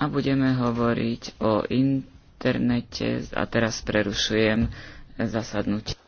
a budeme hovoriť o internete a teraz prerušujem zasadnutie.